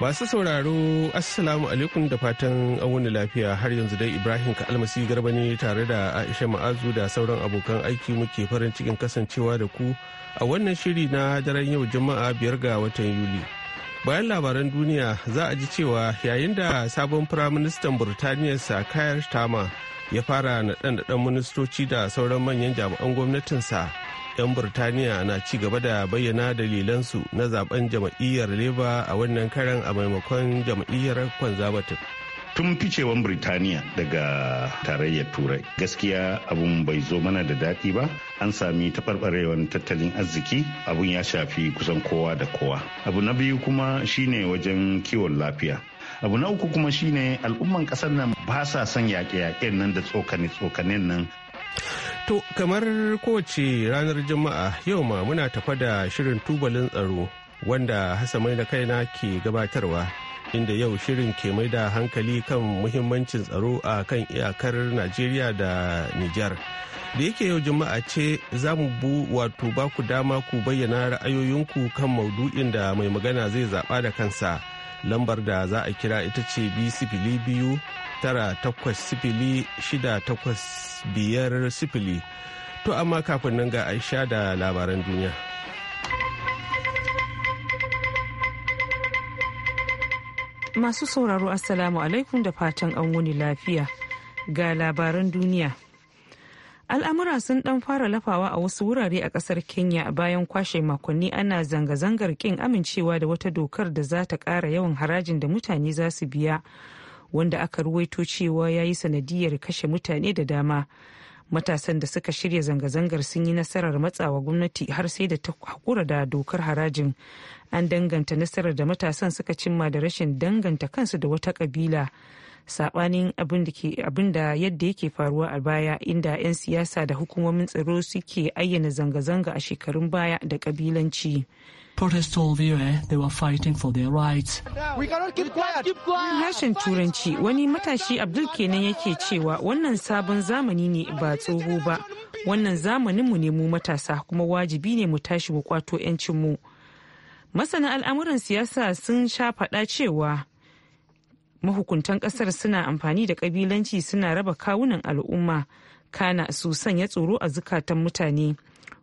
Masu sauraro Assalamu alaikum da fatan auni lafiya har yanzu dai Ibrahim ka Almasi Garba ne tare da Aisha Ma'azu da sauran abokan aiki muke farin cikin kasancewa da ku a wannan shiri na daren yau Juma'a biyar ga watan Yuli. Bayan labaran duniya za a ji cewa yayin da sabon firaministan Burtaniya Sakayar Tama ya fara naɗan naɗen ministoci da sauran manyan jami'an gwamnatinsa 'yan burtaniya na ci gaba da bayyana dalilansu na zaben jam'iyyar leba a wannan karan a maimakon jam'iyyar batun. tun ficewan Birtaniya daga tarayyar Turai gaskiya abun bai zo mana da daɗi ba an sami taɓarɓarewar tattalin arziki abun ya shafi kusan kowa da kowa abu na biyu kuma shine wajen kiwon lafiya abu na uku kuma shine al'umman kasar nan ba sa son yaƙe-yaƙen nan da tsokane tsokane nan to kamar kowace ranar juma'a yau ma muna tafa da shirin tubalin tsaro wanda hasamai da kaina ke gabatarwa inda yau shirin ke mai da hankali kan muhimmancin tsaro a kan iyakar najeriya da niger da yake yau juma'a ce za mu bu wato ba ku dama ku bayyana ra'ayoyinku kan maudu'in da mai magana zai zaɓa da kansa lambar da za a kira ita ce bi sifili biyu tara takwas sifili shida takwas biyar sifili to amma kafin nan ga aisha da labaran duniya masu sauraro assalamu alaikum da fatan an wuni lafiya ga labaran duniya al'amura sun dan fara lafawa a wasu wurare a kasar kenya bayan kwashe makonni ana zanga-zangar kin amincewa da wata dokar da za ta kara yawan harajin da mutane za su biya wanda aka ruwaito cewa ya yi sanadiyar kashe mutane da dama matasan da suka shirya zanga-zangar sun yi nasarar matsawa gwamnati har sai da ta hakura da dokar harajin an danganta nasarar da matasan suka cimma da rashin danganta kansu da wata kabila sabanin abin da yadda yake faruwa a baya inda 'yan siyasa da hukumomin tsaro suke ayyana zanga-zanga a shekarun baya da kabilanci. Protests told for their rights. Harshen Turanci wani matashi Abdul kenan yake cewa wannan sabon zamani ne ba tsoho ba. Wannan mu ne mu matasa kuma wajibi ne mu tashi mu kwato 'yancinmu. Masana al'amuran siyasa sun sha faɗa cewa mahukuntan kasar suna amfani da kabilanci suna raba kawunan al'umma kana su sanya tsoro a zukatan mutane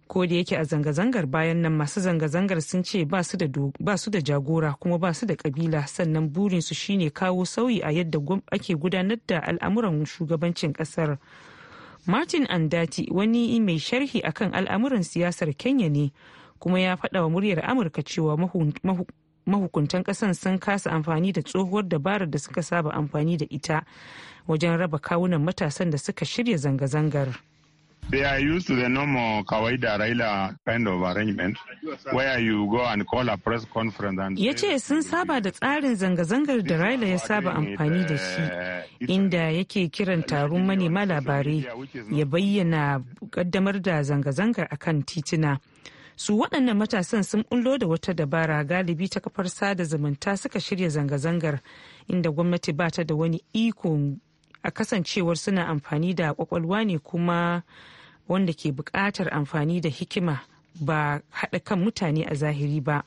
ko da yake a zanga-zangar bayan nan masu zanga-zangar sun ce ba su da jagora kuma ba su da kabila sannan burinsu shine kawo sauyi a yadda ake gudanar da al'amuran shugabancin kasar martin andati wani mai sharhi akan al'amuran siyasar kenya ne kuma ya faɗa wa muryar amurka cewa mahukuntan kasan sun kasa amfani da tsohuwar dabarar da suka saba amfani da ita wajen raba kawunan matasan da suka shirya zanga-zangar. They are used to the normal kawaida Raila kind of arrangement where you go and call a press conference Ya ce sun saba da tsarin zanga-zangar da Raila ya saba amfani da shi inda yake kiran taron manema labarai ya bayyana kaddamar da zanga-zangar akan titina. su waɗannan matasan sun ɓullo da wata dabara galibi ta kafar sada zumunta suka shirya zanga-zangar inda gwamnati ba ta da wani iko a kasancewar suna amfani da kwakwalwa ne kuma wanda ke buƙatar amfani da hikima ba haɗa kan mutane a zahiri ba.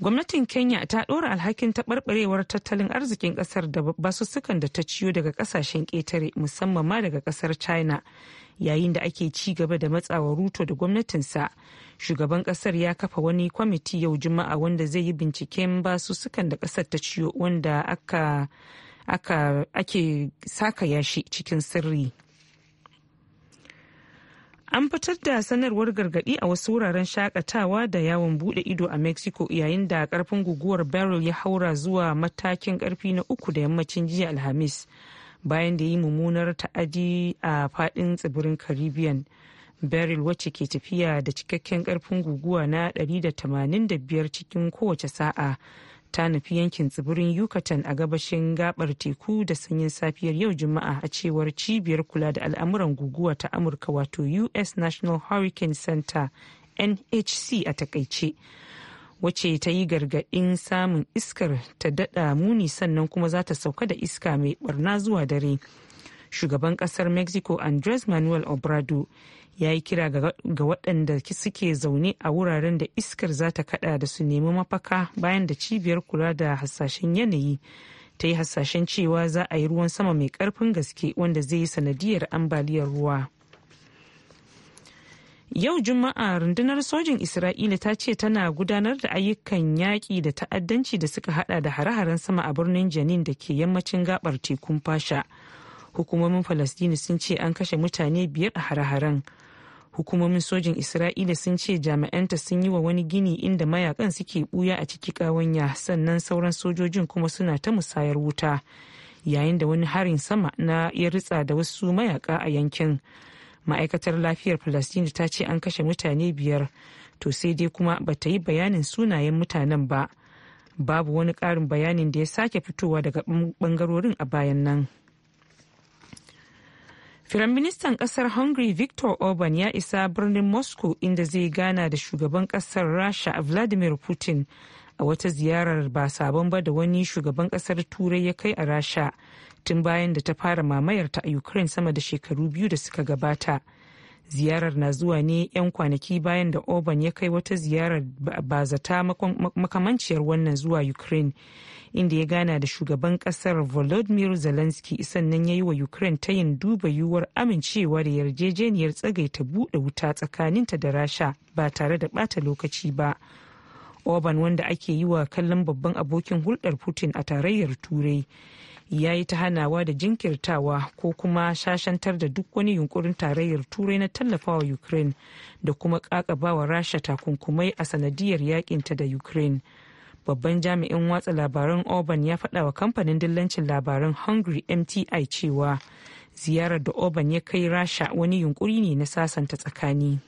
gwamnatin kenya ta ɗora alhakin taɓarɓarewar tattalin arzikin ƙasar da basussukan da ta ciyo daga ƙasashen ƙetare musamman ma daga ƙasar china yayin da ake ci gaba da matsawa ruto da gwamnatinsa shugaban kasar ya kafa wani kwamiti yau juma'a wanda zai yi binciken basussukan da kasar ta ciyo wanda ake saka yashi cikin sirri an fitar da sanarwar gargadi a wasu wuraren shakatawa da yawon bude ido a mexico yayin da karfin guguwar barrel ya haura zuwa matakin karfi na uku da yammacin jiya alhamis bayan da yi mummunar ta'adi a fadin tsibirin caribbean beryl wacce ke tafiya da cikakken karfin guguwa na 185 cikin kowace sa'a ta nufi yankin tsibirin yucatan a gabashin gabar teku da sanyin safiyar yau juma'a a cewar cibiyar kula da al'amuran guguwa ta amurka wato u.s national hurricane center nhc a takaice wacce ta yi gargaɗin samun iskar ta daɗa muni sannan kuma za ta sauka da iska mai barna zuwa dare shugaban ƙasar mexico andres manuel obrado ya yi kira ga waɗanda suke zaune a wuraren da iskar za ta kaɗa da su nemi mafaka bayan da cibiyar kula da hasashen yanayi ta yi hasashen cewa za a yi ruwan sama mai ƙarfin gaske wanda zai yi sanadiyar ambaliyar ruwa. Yau Juma'a rundunar sojin Isra'ila ta ce tana gudanar da ayyukan yaƙi da ta'addanci da suka hada da hare-haren sama a birnin Janin da ke yammacin gabar tekun fasha. Hukumomin Falastini sun ce an kashe mutane biyar a hare-haren. Hukumomin sojin Isra'ila sun ce jami'anta sun yi wa wani gini inda mayakan suke buya a ciki kawanya sannan sauran sojojin kuma suna ta musayar wuta. Yayin da wani harin sama na ya ritsa da wasu mayaka a yankin. ma'aikatar lafiyar palestine ta ce an kashe mutane biyar to sai dai kuma ba ta yi bayanin sunayen mutanen ba babu wani ƙarin bayanin da ya sake fitowa daga bangarorin a bayan nan Firaministan kasar Hungary victor Orban ya isa birnin Moscow inda zai gana da shugaban kasar Rasha Vladimir Putin a wata ziyarar ba sabon ba da wani shugaban kasar turai ya kai a rasha tun bayan da ta fara mamayar ta a ukraine sama da shekaru biyu da suka gabata ziyarar na zuwa ne 'yan kwanaki bayan da oban ya kai wata ziyarar ba zata makamanciyar wannan zuwa ukraine inda ya gana da shugaban kasar volodymyr zelensky sannan ya yi wa ukraine yin duba yiwuwar amincewa da yarjejeniyar tsagaita buɗe wuta tsakaninta da rasha ba tare da ɓata lokaci ba Orban wanda ake yi wa kallon babban abokin hulɗar Putin a tarayyar Turai ya yi ta hanawa da jinkirtawa ko kuma shashantar da duk wani yunkurin tarayyar Turai na tallafawa Ukraine da kuma kakabawa Rasha takunkumai a sanadiyar yakinta da Ukraine. Babban jami'in watsa labaran Orban ya faɗa wa kamfanin dillancin labaran Hungary MTI cewa ziyarar da Orban ya kai Rasha wani yunkuri ne na sasanta tsakani.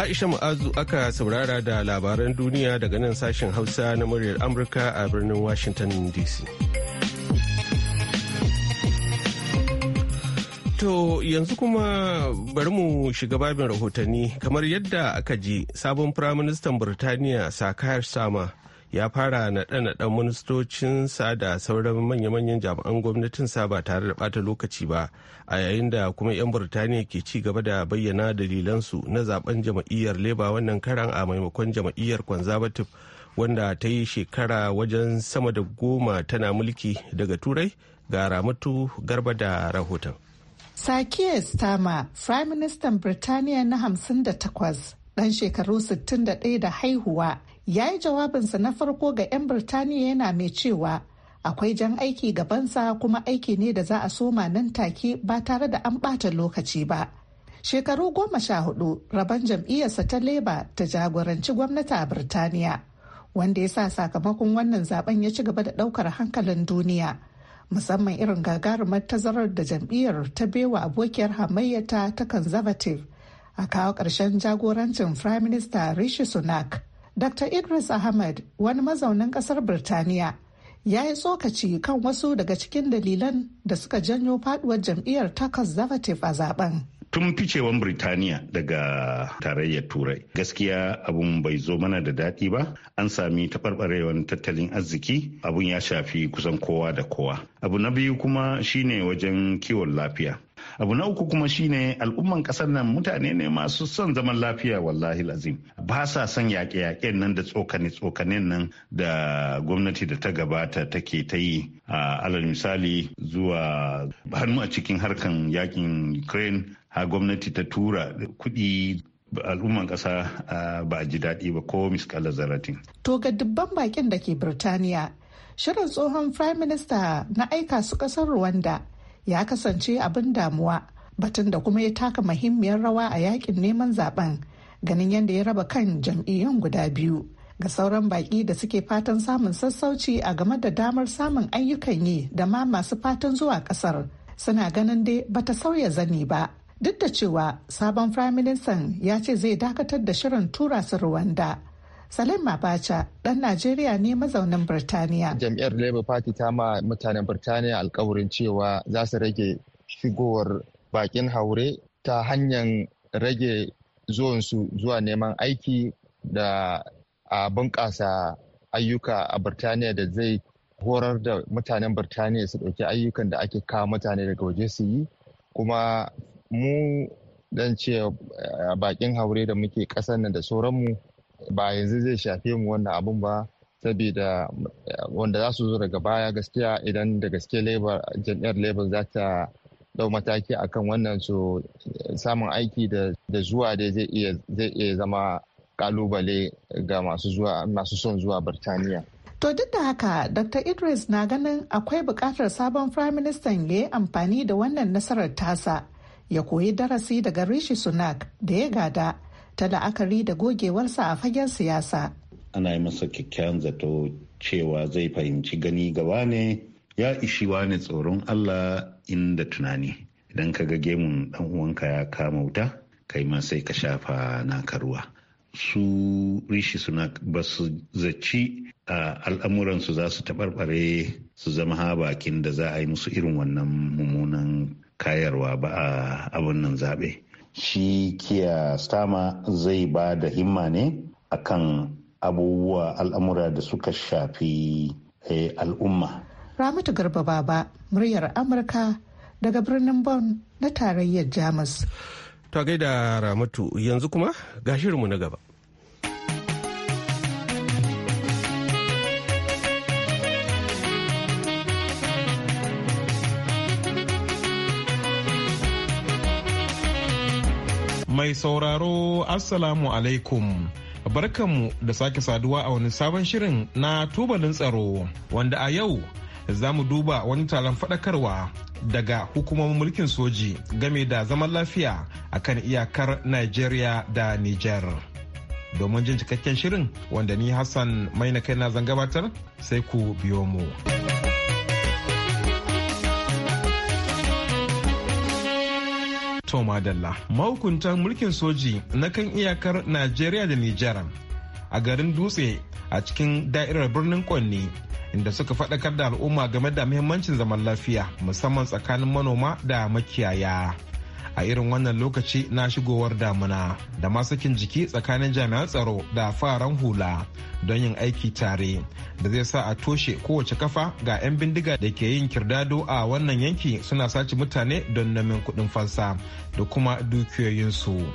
Aisha Mu'azu aka saurara da labaran duniya daga nan sashen Hausa na muryar Amurka a birnin Washington DC. To yanzu kuma bari mu shiga babin rahotanni kamar yadda aka ji sabon firaministan Burtaniya Sakayar Sama ya fara naɗe naɗe ministocinsa da sauran manya-manyan jami'an sa ba tare da ɓata lokaci ba a yayin da kuma 'yan burtaniya ke ci gaba da bayyana dalilansu na zaben jam'iyyar leba wannan karan a maimakon jam'iyyar conservative wanda ta yi shekara wajen sama da goma tana mulki daga turai ga ramatu garba da rahoton. Sakiyar Stama, Prime Minister Birtaniya na 58, ɗan shekaru 61 da haihuwa ya yi jawabinsa na farko ga 'yan Birtaniya yana mai cewa akwai jan aiki gabansa kuma aiki ne da za a soma nan take ba tare da an ɓata lokaci ba. Shekaru goma sha hudu rabon jam'iyyarsa ta Leba ta jagoranci gwamnati a Birtaniya, wanda ya sa sakamakon wannan zaben ya ci gaba da ɗaukar hankalin duniya. Musamman irin gagarumar tazarar da jam'iyyar ta bewa abokiyar hamayyata ta Conservative a kawo ƙarshen jagorancin Prime Minister Rishi Sunak. Dr. Idris Ahmed, wani mazaunin ƙasar Birtaniya, ya yi tsokaci kan wasu daga cikin dalilan da suka janyo faduwar jam'iyyar ta Conservative a zaben. tun ficewan Birtaniya daga tarayyar Turai. Gaskiya abun bai zo mana da daɗi ba, an sami taɓarɓarewar tattalin arziki abun ya shafi kusan kowa da kowa. Abu na biyu kuma shine wajen kiwon lafiya. abu na uku kuma shine al'umman kasar nan mutane ne masu son zaman lafiya wallahi lazim ba sa son yaƙe-yaƙen nan da tsokane-tsokanen nan da gwamnati da ta gabata take ta yi a alal misali zuwa hannu a cikin harkan yakin ukraine ha gwamnati ta tura kuɗi al'umman ƙasa ba a ji daɗi ba ko miskala zaratin. To ga dubban bakin da ke Birtaniya, shirin tsohon Prime Minister na aika su ƙasar Rwanda ya kasance abin damuwa batun da kuma ya taka muhimmiyar rawa a yakin neman zaben ganin yadda ya raba kan jam'iyyun guda biyu ga sauran baƙi da suke fatan samun sassauci a game da damar samun ayyukan yi da ma masu fatan zuwa ƙasar suna ganin dai bata sauya zani ba duk da cewa sabon firaministan ya ce zai dakatar da shirin tura su Rwanda Salim Abacha ɗan Najeriya ne mazaunin Birtaniya. Jam'iyyar Labour Party ta ma mutanen Birtaniya alkawarin cewa za su rage shigowar bakin haure ta hanyar rage zuwansu zuwa neman aiki da a bunƙasa ayyuka a Birtaniya da zai horar da mutanen Birtaniya su ɗauki ayyukan da ake kawo mutane daga waje su yi kuma mu dan ce bakin haure da muke ƙasar nan da sauranmu ba yanzu zai shafe mu wannan abun ba saboda eh, wanda za su zo daga baya gaskiya idan da gaske labor jam'iyyar labour za ta dau mataki akan wannan su eh, samun aiki da zuwa da zai iya zama kalubale ga masu son zuwa birtaniya To duk da haka Dr. Idris na ganin akwai bukatar sabon Prime Minister ya yi amfani da wannan nasarar tasa ya koyi darasi daga Rishi Sunak da ya gada ta la'akari da gogewarsa a fagen siyasa. Ana yi masa kyakkyawan zato cewa zai fahimci gani gaba ne ya ishiwa ne tsoron Allah inda tunani. Idan ka ga gemun ɗan uwanka ya kama wuta, kai ma sai ka shafa naka ruwa. Su rishi suna ba su zaci a al'amuransu za su taɓarɓare su zama ha bakin da za a yi musu irin wannan mummunan kayarwa ba a abin nan zaɓe. shi kiya stama zai ba da himma ne a kan abubuwa al'amura da suka shafi eh, al'umma. ramatu garba baba muryar amurka daga birnin Bon na tarayyar Jamus. Ta gaida Ramatu yanzu kuma ga shirinmu na gaba. Mai sauraro Assalamu alaikum. Barkanmu da sake saduwa a wani sabon shirin na tubalin tsaro wanda a yau za mu duba wani taron faɗakarwa daga hukumomin mulkin soji game da zaman lafiya a kan iyakar Nigeria da Niger. Domin jin cikakken shirin wanda ni Hassan mai na kai na zan gabatar sai ku biyo mu. Toma Dalla. mahukuntan mulkin soji na kan iyakar Najeriya da Nijar a garin Dutse a cikin da'irar birnin Kwanni inda suka faɗakar da al'umma game da muhimmancin zaman lafiya musamman tsakanin manoma da makiyaya. a irin wannan lokaci na shigowar damuna da masakin jiki tsakanin jami'an tsaro da faran hula don yin aiki tare da zai sa a toshe kowace kafa ga 'yan bindiga da ke yin kirdado a wannan yanki suna sace mutane don namin kudin fansa da kuma dukiyoyinsu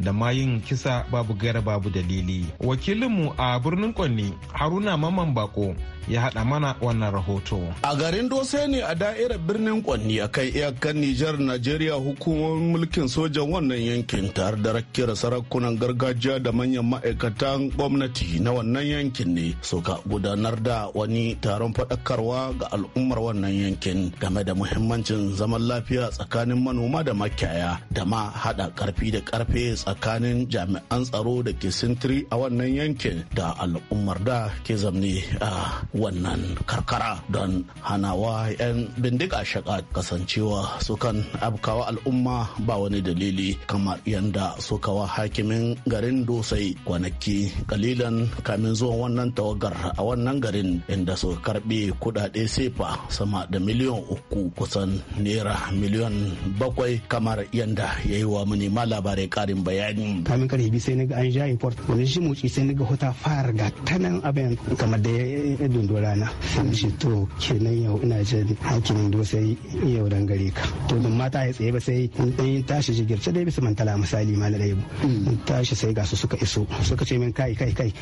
da ma yin kisa babu gara babu dalili wakilinmu a birnin kwanni haruna maman bako ya hada mana wannan rahoto. A garin Dose ne a da'irar birnin Kwanni a kan iyakar Nijar Najeriya hukumomin mulkin sojan wannan yankin tare da rakkira sarakunan gargajiya da manyan ma'aikatan gwamnati na wannan yankin ne suka gudanar da wani taron faɗakarwa ga al'ummar wannan yankin game da muhimmancin zaman lafiya tsakanin manoma da makiyaya da ma karfi karfi da karfe tsakanin jami'an tsaro da ke sintiri a wannan yankin da al'ummar da ke zamne a wannan karkara don hanawa 'yan bindiga shaka kasancewa sukan abkawa al'umma ba wani dalili kamar yadda suka wa hakimin garin dosai kwanaki kalilan kamin zuwan wannan tawagar a wannan garin inda suka karbe kudade sefa sama da miliyan uku kusan naira miliyan bakwai kamar yadda ya yi wa manema labarai karin bayani kamin karfe biyu sai na ga an ja import wani shi motsi sai ga hota fara ga tanan abin kamar da ya indo rana sai ce to kenan yau ina jin hakin indo sai yau dan gare ka to ban mata ya tsaye ba sai in tashi sai dai bisa mantala misali ma da hmm. in tashi sai ga su suka iso suka ce min kai kai kai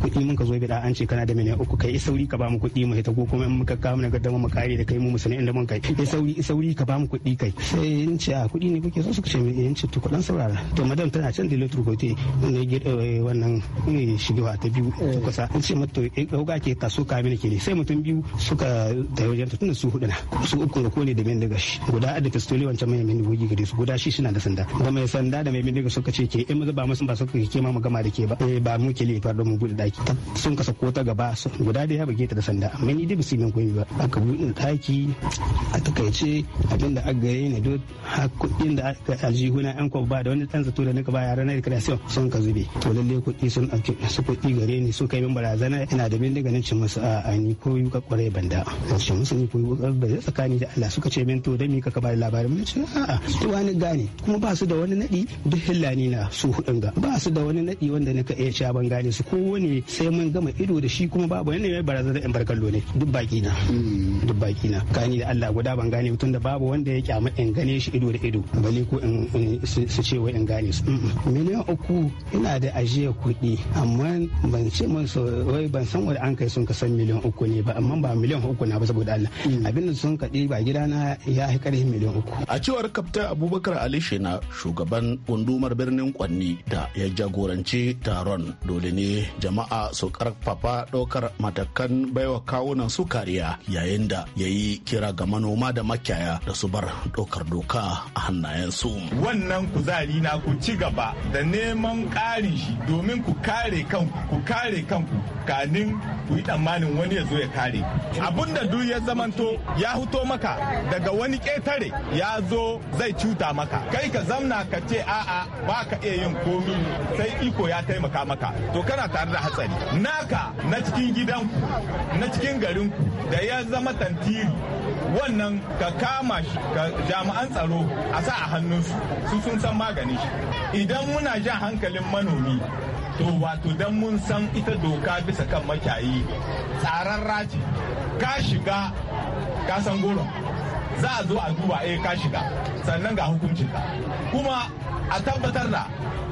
kuɗi mun ka zo bi da an ce kana da miliyan uku kai sauri ka ba mu kuɗi mu hita ko kuma in muka kawo mana gaddama mu kare da kai mu musulmi inda mun kai sauri sauri ka ba mu kuɗi kai sai in ce a kuɗi ne kuke so suka ce min eh, in ce to kuɗan saurara to madam tana can da lotur kote ne eh, wannan eh, shigewa ta biyu ta kusa in ce mata to ɗauka ke kaso ka abin ke ne sai mutum biyu suka da wajen tun su hudu na su uku da kone da mai bindiga shi guda da pistoli wancan mai bindigogi gare su guda shi suna da sanda da mai sanda da mai bindiga suka ce ke in ba musu ba suka ke ma gama da ke ba eh ba mu ke lefa don mu bude daki sun kasa ko ta gaba guda da ya bage ta da sanda amma ni dai ba su min koyi ba aka bude daki a takaice abin da aka gare ni duk har kuɗin da aka aji aljihuna yan ba da wani dan zato da nika ba yaran recreation sun ka zube to lalle kudi sun ɗauki su kudi gare ni su kai min barazana ina da bindiga nan cin musu a ah, a ani ko ka kwarai banda a ce musu ni ko yuka banda tsakani da Allah suka ce min to da mi ka ba labarin mun ce a'a to wani gane kuma ba su da wani nadi duk hillani na su hudun ga ba su da wani nadi wanda na ka iya cewa ban gane su ko wani sai mun gama ido da shi kuma babu wani mai barazana in barkallo ne duk baki na hmm. duk baki na kani da Allah guda ban gane mutun da babu wanda ya kyama in gane shi ido da ido bale ko in su ce wai in gane su miliyan uku ina da ajiyar kuɗi amma ban ce mun wai ban san wani an kai sun ka san miliyan uku ne ba amma ba miliyan uku na ba saboda Allah abin da sun kaɗi ba gidana ya yi ƙarfin miliyan uku. A cewar kafta Abubakar Ali Shina shugaban gundumar birnin Kwanni da ya jagoranci taron dole ne jama'a su karfafa ɗaukar matakan baiwa kawunan su kariya yayin da ya yi kira ga manoma da makiyaya da su bar ɗaukar doka a hannayensu. Wannan kuzari na ku ci gaba da neman ƙarin shi domin ku kare kanku ku kare kanku kanin ku yi tsammanin wani ya zo ya kare abun da duk ya zamanto ya huto maka daga wani ƙetare ya zo zai cuta maka kai ka zamna ka ce a'a ba ka iya yin komi sai iko ya taimaka maka to kana tare da hatsari naka na cikin gidan na cikin garinku da ya zama tantiri wannan ka kama shi ka jami'an tsaro a sa a hannunsu su sun san maganin shi idan muna jan hankalin manomi to wato dan mun san ita doka bisa kan makyayi tsarar raji ka shiga ka san goro za a zo a duba eh ka shiga sannan ga hukuncin ka kuma a tabbatar da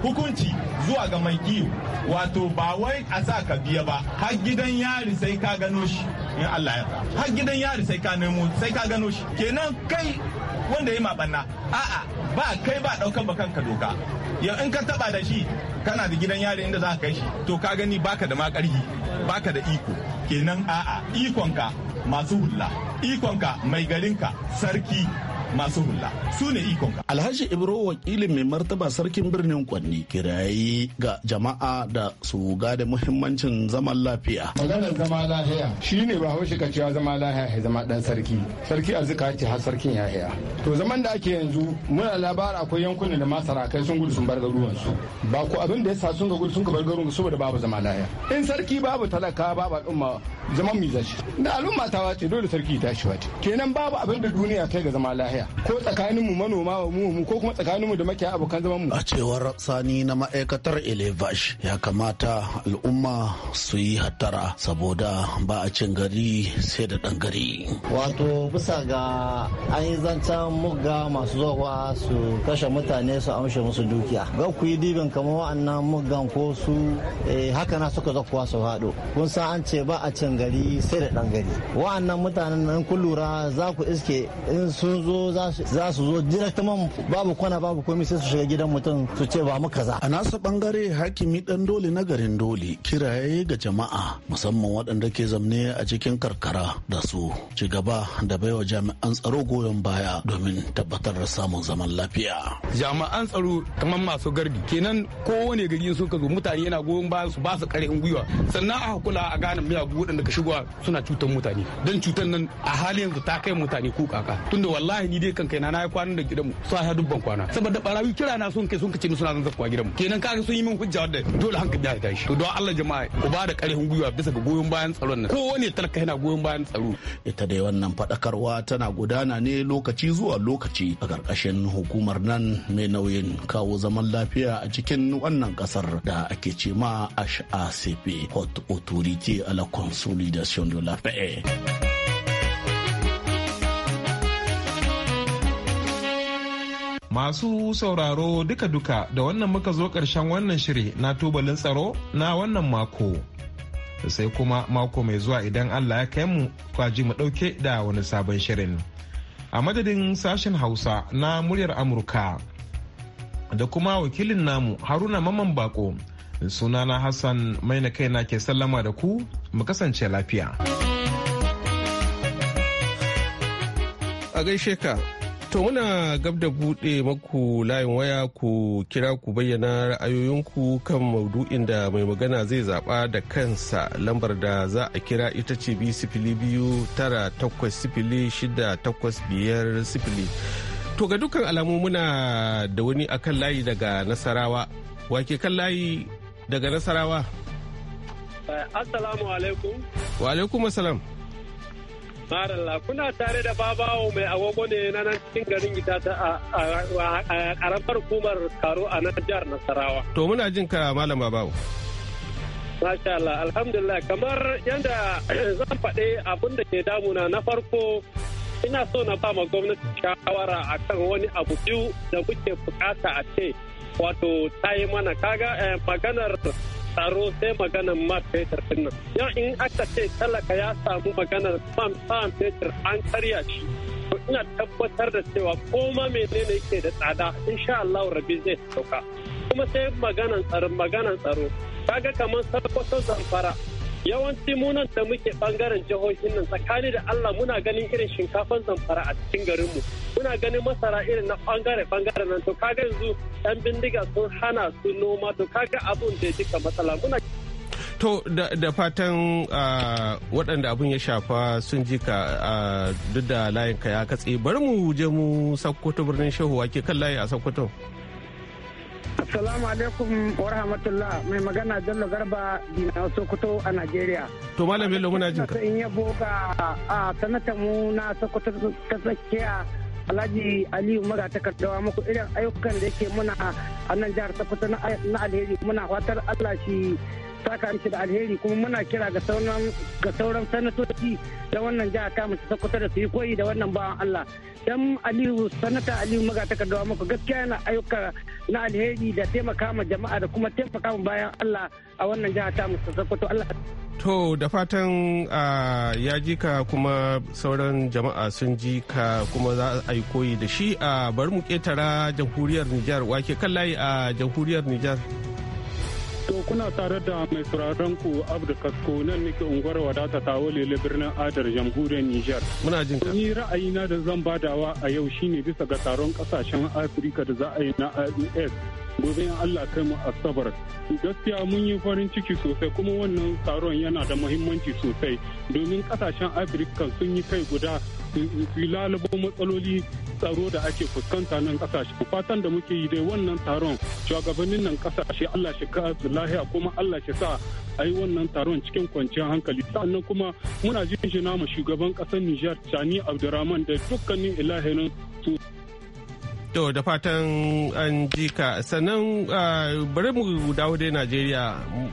hukunci zuwa ga mai kiyo wato ba wai a sa ka biya ba har gidan yari sai ka gano shi in Allah ya har gidan yari sai ka nemo sai ka gano shi kenan kai wanda ya banna a'a ba kai ba ɗaukar bakan ka doka ya in ka taba da shi kana da gidan yari inda za ka kai shi to ka gani baka da makarhi baka da iko kenan a'a ikonka masu hulla ikonka mai garinka sarki masu hula su ne ikon ka. Alhaji Ibro wakilin mai martaba sarkin birnin Kwanni kirayi ga jama'a da su gada muhimmancin zaman lafiya. Maganar zama lafiya shi ne ba haushi ka cewa zama lafiya ya zama dan sarki. Sarki zika ce har sarkin haya. To zaman da ake yanzu muna labar akwai yankunan da masarakai sun gudu sun bar su. Ba ku abin da ya sa sun ga gudu sun ka bar su saboda babu zama lafiya. In sarki babu talaka babu al'umma zaman mi zaci da al'umma ta wace dole sarki ta shi wace kenan babu abin da duniya ta ga zama lahiya ko tsakanin mu manoma mu mu ko kuma tsakanin mu da makiya abokan zaman mu a cewar sani na ma'aikatar elevash ya kamata al'umma su yi hattara saboda ba a cin gari sai da dan gari wato bisa ga an yi zancen mugga masu zuwa su kashe mutane su amshe musu dukiya ga ku yi dibin kamar wa'annan muggan ko su eh, haka na suka zakuwa su haɗo kun san an ce ba a cin gari sai da dan gari wa'annan mutanen nan kun lura za ku iske in sun zo za su zo direktaman babu kwana babu komai sai su shiga gidan mutum su ce ba mu kaza a nasu bangare hakimi dan dole na garin dole kiraye ga jama'a musamman waɗanda ke zamne a cikin karkara da su ci gaba da baiwa jami'an tsaro goyon baya domin tabbatar da samun zaman lafiya jami'an tsaro kamar masu gardi kenan kowane gari sun ka zo mutane yana goyon baya su ba su karin gwiwa sannan a kula a gane miyagu waɗanda daga shigowa suna cutar mutane don cutar nan a hali yanzu ta kai mutane ko kaka tunda wallahi ni dai kan kaina na yi kwanan da gidanmu su ha dubban kwana saboda barawi kira na sun kai sun kace suna zan kwa gidanmu kenan kaga sun yi min hujja wadda dole hankali ya tashi to don Allah jama'a ku ba da karfin gwiwa bisa ga goyon bayan tsaron nan kowane talaka yana goyon bayan tsaro ita dai wannan fadakarwa tana gudana ne lokaci zuwa lokaci a karkashin hukumar nan mai nauyin kawo zaman lafiya a cikin wannan kasar da ake ce ma HACP Hot Authority Ala Consul consolidation de la paix. Masu sauraro duka-duka da wannan muka zo ƙarshen wannan shiri na tubalin tsaro na wannan mako. Sai kuma mako mai zuwa idan Allah ya kai mu kwaji mu ɗauke da wani sabon shirin. A madadin sashen Hausa na muryar Amurka da kuma wakilin namu Haruna Maman Bako. sunana hassan maina kaina ke sallama da ku mu kasance lafiya a gaishe ka to muna gab da buɗe maku layin waya ku kira ku bayyana ra'ayoyinku kan maudu'in da mai magana zai zaɓa da kansa lambar da za a kira ita ce bi sifili biyu tara takwas sifili shida takwas biyar sifili to ga dukkan alamu muna da wani akan layi daga nasarawa wake kan layi daga Nasarawa. Eh, assalamu alaikum. Wa alaikum assalam. Maralla kuna tare da babawo mai agogo ne na nan cikin garin gida ta a karamar hukumar karo a nan jihar Nasarawa. To muna jin ka malam babawo. Masha Allah, alhamdulillah kamar yadda zan faɗi abin da ke damuna na farko ina so na ba ma gwamnati shawara akan wani abu biyu da muke bukata a ce wato ta yi mana kaga eh, maganar tsaro sai maganar man fetur nan yau in aka ce talaka ya samu maganar man fetur an karya shi to ina tabbatar da cewa koma menene yake da tsada insha Allah rabi zai sauka kuma sai maganar tsaro maganar tsaro kaga kamar sarkwato zamfara yawanci munan da muke bangaren jihohin nan tsakani da Allah muna ganin irin shinkafan zamfara a cikin garin mu muna ganin masara irin na bangare bangaren nan to kaga yanzu yan bindiga sun hana su noma to kaga abun da jika matsala muna to da, fatan ah, waɗanda abun ya shafa sun ji ka ah, duk da layin ka ya katse bari mu je mu sakkwato birnin shehu ke kan layi a sakkwato. Assalamu alaikum wa rahmatullah mai magana Jallo Garba Dina Sokoto a Najeriya. To Malam Bello muna jin ka. In yabo ga a sanata mu na Sokoto ta tsakiya Alhaji Aliyu Maga ta kaddawa muku irin ayyukan da yake muna a nan jihar Sokoto na alheri muna fatar Allah shi saka miki da alheri kuma muna kira ga sauran ga sauran sanatoci da wannan jiha ta mu sokoto da su yi koyi da wannan bawan Allah dan Aliyu sanata Aliyu maga takardawa muku gaskiya yana ayyuka na alheri da taimaka ma jama'a da kuma taimaka ma bayan Allah a wannan jiha ta mu sokoto Allah to da fatan ya ji ka kuma sauran jama'a sun ji ka kuma za a yi koyi da shi a bari mu ketara jamhuriyar Nijar wake kan layi a jamhuriyar Nijar To kuna tare da mai sauraron ku Abdu Kasko nan nake unguwar wadata ta walele birnin Adar jamhuriyar Nijar. Muna jin ka. Ni ra'ayi na da zan badawa a yau shine bisa ga taron kasashen Afirka da za a yi na IS Gobe Allah kai mu Asabar. Gaskiya mun yi farin ciki sosai kuma wannan taron yana da muhimmanci sosai domin kasashen Afirka sun yi kai guda su lalubo matsaloli tsaro da ake fuskanta nan kasashe fatan da muke yi dai wannan taron shugabannin nan kasashe Allah shi ka lahiya kuma Allah shi sa a yi wannan taron cikin kwanciyar hankali sannan kuma muna jin shi namu shugaban kasar Nijar Chani Abdurrahman da dukkanin ilahinin su To da fatan an ji ka sannan bari mu dawo dai Najeriya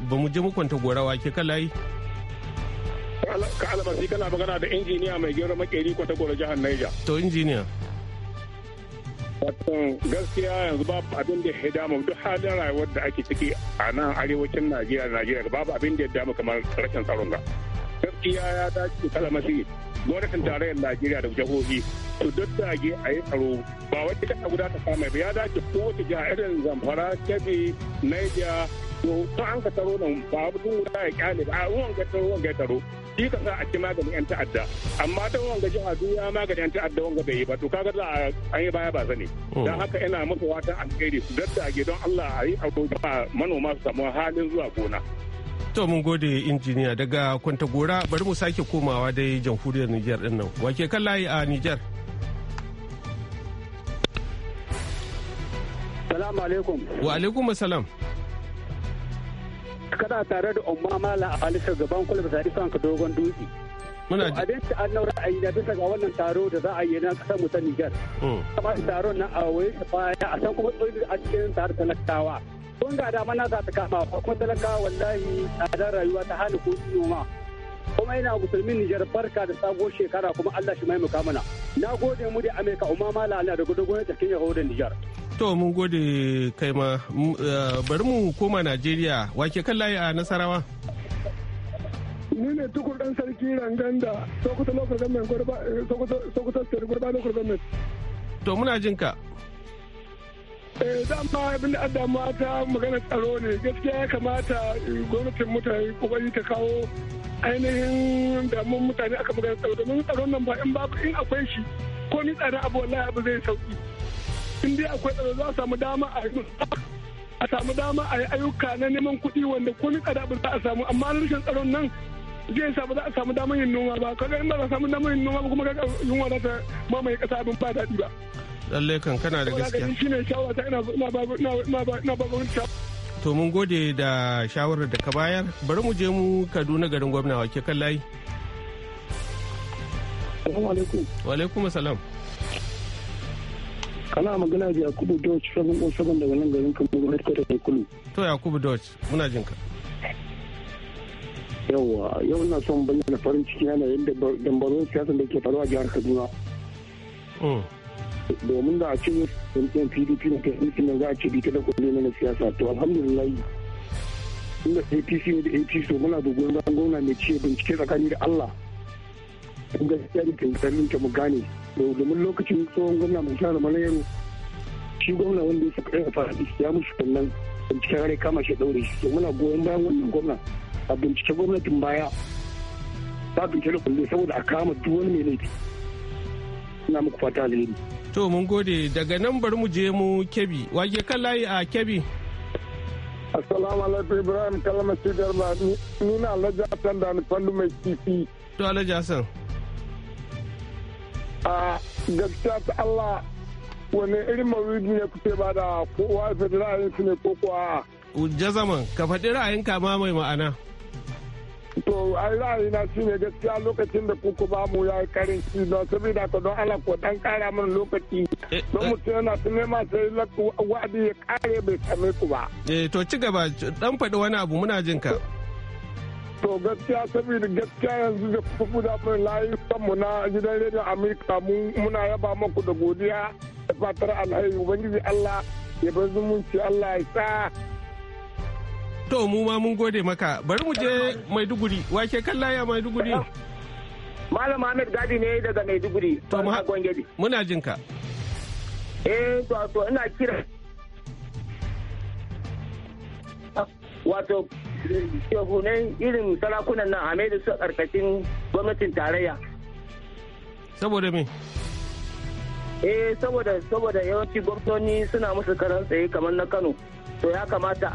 ba mu je mukunta gorawa ke kalai. Ka albarci kana magana da injiniya mai gero makeri kwata gora jihar Niger. To injiniya. Wannan gaskiya yanzu babu abin da ya damu duk halin rayuwar da ake ciki a nan arewacin Najeriya Najeriya babu abin da ya damu kamar rashin tsaron ga. Gaskiya ya dace kalamasi gwamnatin tarayyar Najeriya da jihohi su daddage a yi tsaro ba wata ta guda ta kama ba ya dace kowace jiha irin zamfara kebbi naija to ko an ka taro nan ba mutum guda ya kyale ba a ruwan taro wanga taro shi ka sa a ci maganin yan ta'adda amma ta wanga a duniya maganin yan ta'adda wanga bai yi ba to kaga za a an yi baya ba zane oh. dan haka ina masa wata alheri su daddage don Allah a yi aro manoma su samu halin zuwa gona To mun gode injiniya daga gora bari mu sake komawa dai jamhuriyar Nijar din nan. Wake kan layi a Nijar? Salamu alaikum. Wa alaikum salam. kada tare da umma mala gaban shugaban kulub sari ka dogon dutse muna ji abin ta annan ra'ayi na bisa ga wannan taro da za a yi na kasar mu ta Niger kuma hmm. taron na a ta baya a san kuma tsoyi a cikin tare talakawa kun ga da mana za ta kama kuma talakawa wallahi tsadar rayuwa ta hana ko noma kuma yana musulmin Nijar barka da sabuwar shekara kuma Allah shi mai mana. Na gode mu da Amerika umma malala da gudu gwamnatin Kenya Hoden Nijar. To mun gode kai ma eh, bari mu koma Najeriya wake kan layi a Nasarawa. Ni ne tukur dan sarki ranganda Sokoto local government Sokoto state gurba government. To muna jinka. ka. eh dama abin da an damuwa magana tsaro ne gaskiya ya kamata eh, gwamnatin mutane kokari ta kawo ainihin damun mutane aka magana tsaro domin tsaron nan ba in babu in akwai shi ko ni tsada abu wallahi abu zai sauki in dai akwai tsaro za a samu dama a yi a samu dama a yi ayyuka na neman kuɗi wanda ko ni tsada abu za a samu amma rashin tsaron nan zai sa za a samu damar yin noma ba kaga in ba za a samu damar yin noma ba kuma kaga yunwa za ta mamaye kasa abin ba daɗi ba lallai kan kana da gaskiya shine shawara ta ina ba ina ba ina ba to mun gode da shawarar da ka bayar bari mu je mu Kaduna garin gwamna wa ke kan layi Assalamu alaikum. Wa alaikum assalam. kana magana da yakubu dodge sabon sabon daga nan garin kamar headquarter da kulu to yakubu dodge muna jinka yawa yau na son bayyana farin ciki na yadda dambarwar siyasar da ke faruwa a jihar kaduna mm. domin da a ce yankin pdp na kai yankin nan za a ce bita da kwallo na siyasa to alhamdulillah inda apc ne da apc to muna da gwamna gwamna mai ce bincike tsakani da allah kun gaskiya da kankarin ta mu gane domin lokacin tsohon gwamna mai sa da malayaro shi gwamna wanda ya saka ya fara ya musu wannan binciken rai kama shi daure shi to muna goyon bayan wannan gwamna a bincike gwamnatin baya ba bincike kulle saboda a kama duk wani mai laifi ina muku fata alheri to mun gode daga nan bari mu je mu kebi wage kan layi a kebi assalamu alaikum ibrahim kalmar sigar ba ni na alhaji hassan da ni fallu mai kifi to alhaji hassan a gaskiya ta allah wani irin mawuyi ne kuke ba da kowa da ra'ayin su ne ko kuwa jazaman ka faɗi ra'ayinka ma mai ma'ana To ai na shi ne gaskiya lokacin da kuka ba mu ya karanci na saboda ka don ala ko dan kara mana lokaci don mutum yana su nema sai lakku wa'adi ya kare bai same ku ba. Eh to ci gaba dan faɗi wani abu muna jin ka. To gaskiya saboda gaskiya yanzu da kuku da mai layi mu na gidan rediyon Amerika muna yaba muku da godiya da fatar alheri Ubangiji Allah ya bar zumunci Allah ya sa To mu ma mun gode maka bari mu je Maiduguri wake kallaya Maiduguri. Malam Ahmed Gadi ne daga Maiduguri. To muna jin ka. Eh to to ina kira. Wato shehunan irin sarakunan nan a maida su karkashin gwamnatin tarayya. Saboda me? Eh saboda saboda yawanci gwamnati suna musu karan tsaye kamar na Kano. to ya kamata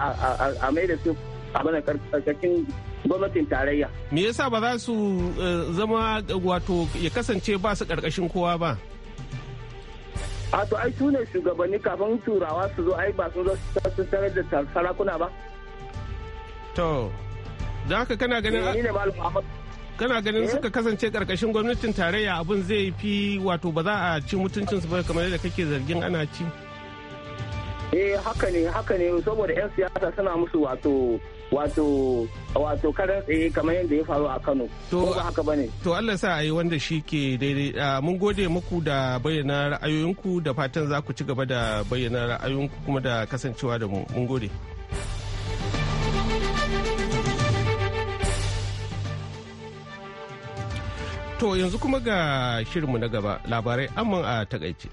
a mai da su abin karkashin gwamnatin tarayya. Me yasa ba za su eh, zama wato ya kasance ba su karkashin kowa ba? A to ai su ne shugabanni kafin turawa su zo ai ba su zo su tarar da sarakuna ba. To, da haka kana ganin eh, kana ganin eh? suka kasance karkashin gwamnatin tarayya abin zai fi wato ba za a ci mutuncinsu ba kamar yadda kake zargin ana ci. eh haka ne haka ne saboda 'yan siyasa suna musu wato wato wato karan tsaye kamar yadda ya faru a Kano ko ba haka bane to Allah sa ayi wanda shi ke daidai ah, mun gode muku da bayyana ra'ayoyinku da fatan za ku ci gaba da bayyana ra'ayoyinku kuma da kasancewa da mu mun gode To yanzu kuma ga shirinmu na gaba labarai amman a takaice.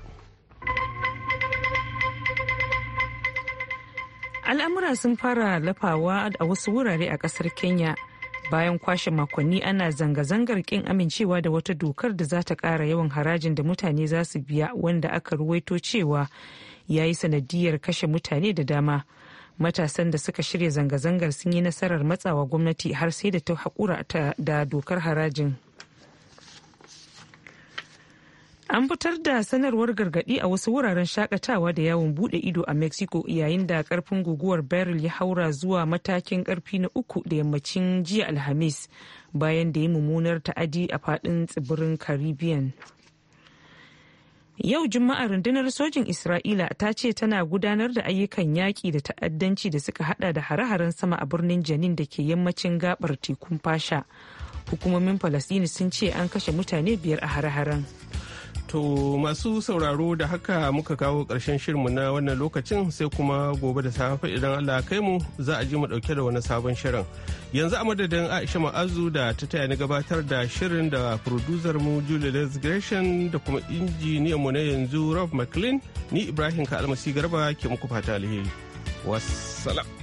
al'amura sun fara lafawa a wasu wurare a kasar kenya bayan kwashe makonni ana zanga-zangar kin amincewa da wata dokar da za ta kara yawan harajin da mutane za su biya wanda aka ruwaito cewa ya yi sanadiyar kashe mutane da dama matasan da suka shirya zanga-zangar sun yi nasarar matsawa gwamnati har sai da ta haƙura da dokar harajin An fitar da sanarwar gargadi a wasu wuraren shakatawa da yawon bude ido a Mexico yayin da karfin guguwar Beryl ya haura zuwa matakin karfi na uku da yammacin jiya Alhamis bayan da ya mummunar ta'adi a fadin tsibirin Caribbean. Yau Juma'a rundunar sojin Isra'ila ta ce tana gudanar da ayyukan yaƙi da ta'addanci da suka hada da hare-haren sama a birnin Janin da ke yammacin gabar tekun fasha. Hukumomin Falasini sun ce an kashe mutane biyar a hare-haren. To masu sauraro da haka muka kawo ƙarshen shirinmu na wannan lokacin sai kuma gobe da safe idan Allah kai mu za a ji mu ɗauke da wani sabon shirin. Yanzu a madadin Aisha Ma'azu da ta taya ni gabatar da shirin da producer mu Julie Gresham da kuma injiniyan mu na yanzu Rob McLean ni Ibrahim Ka Almasi Garba ke muku fata alheri. Wassalam.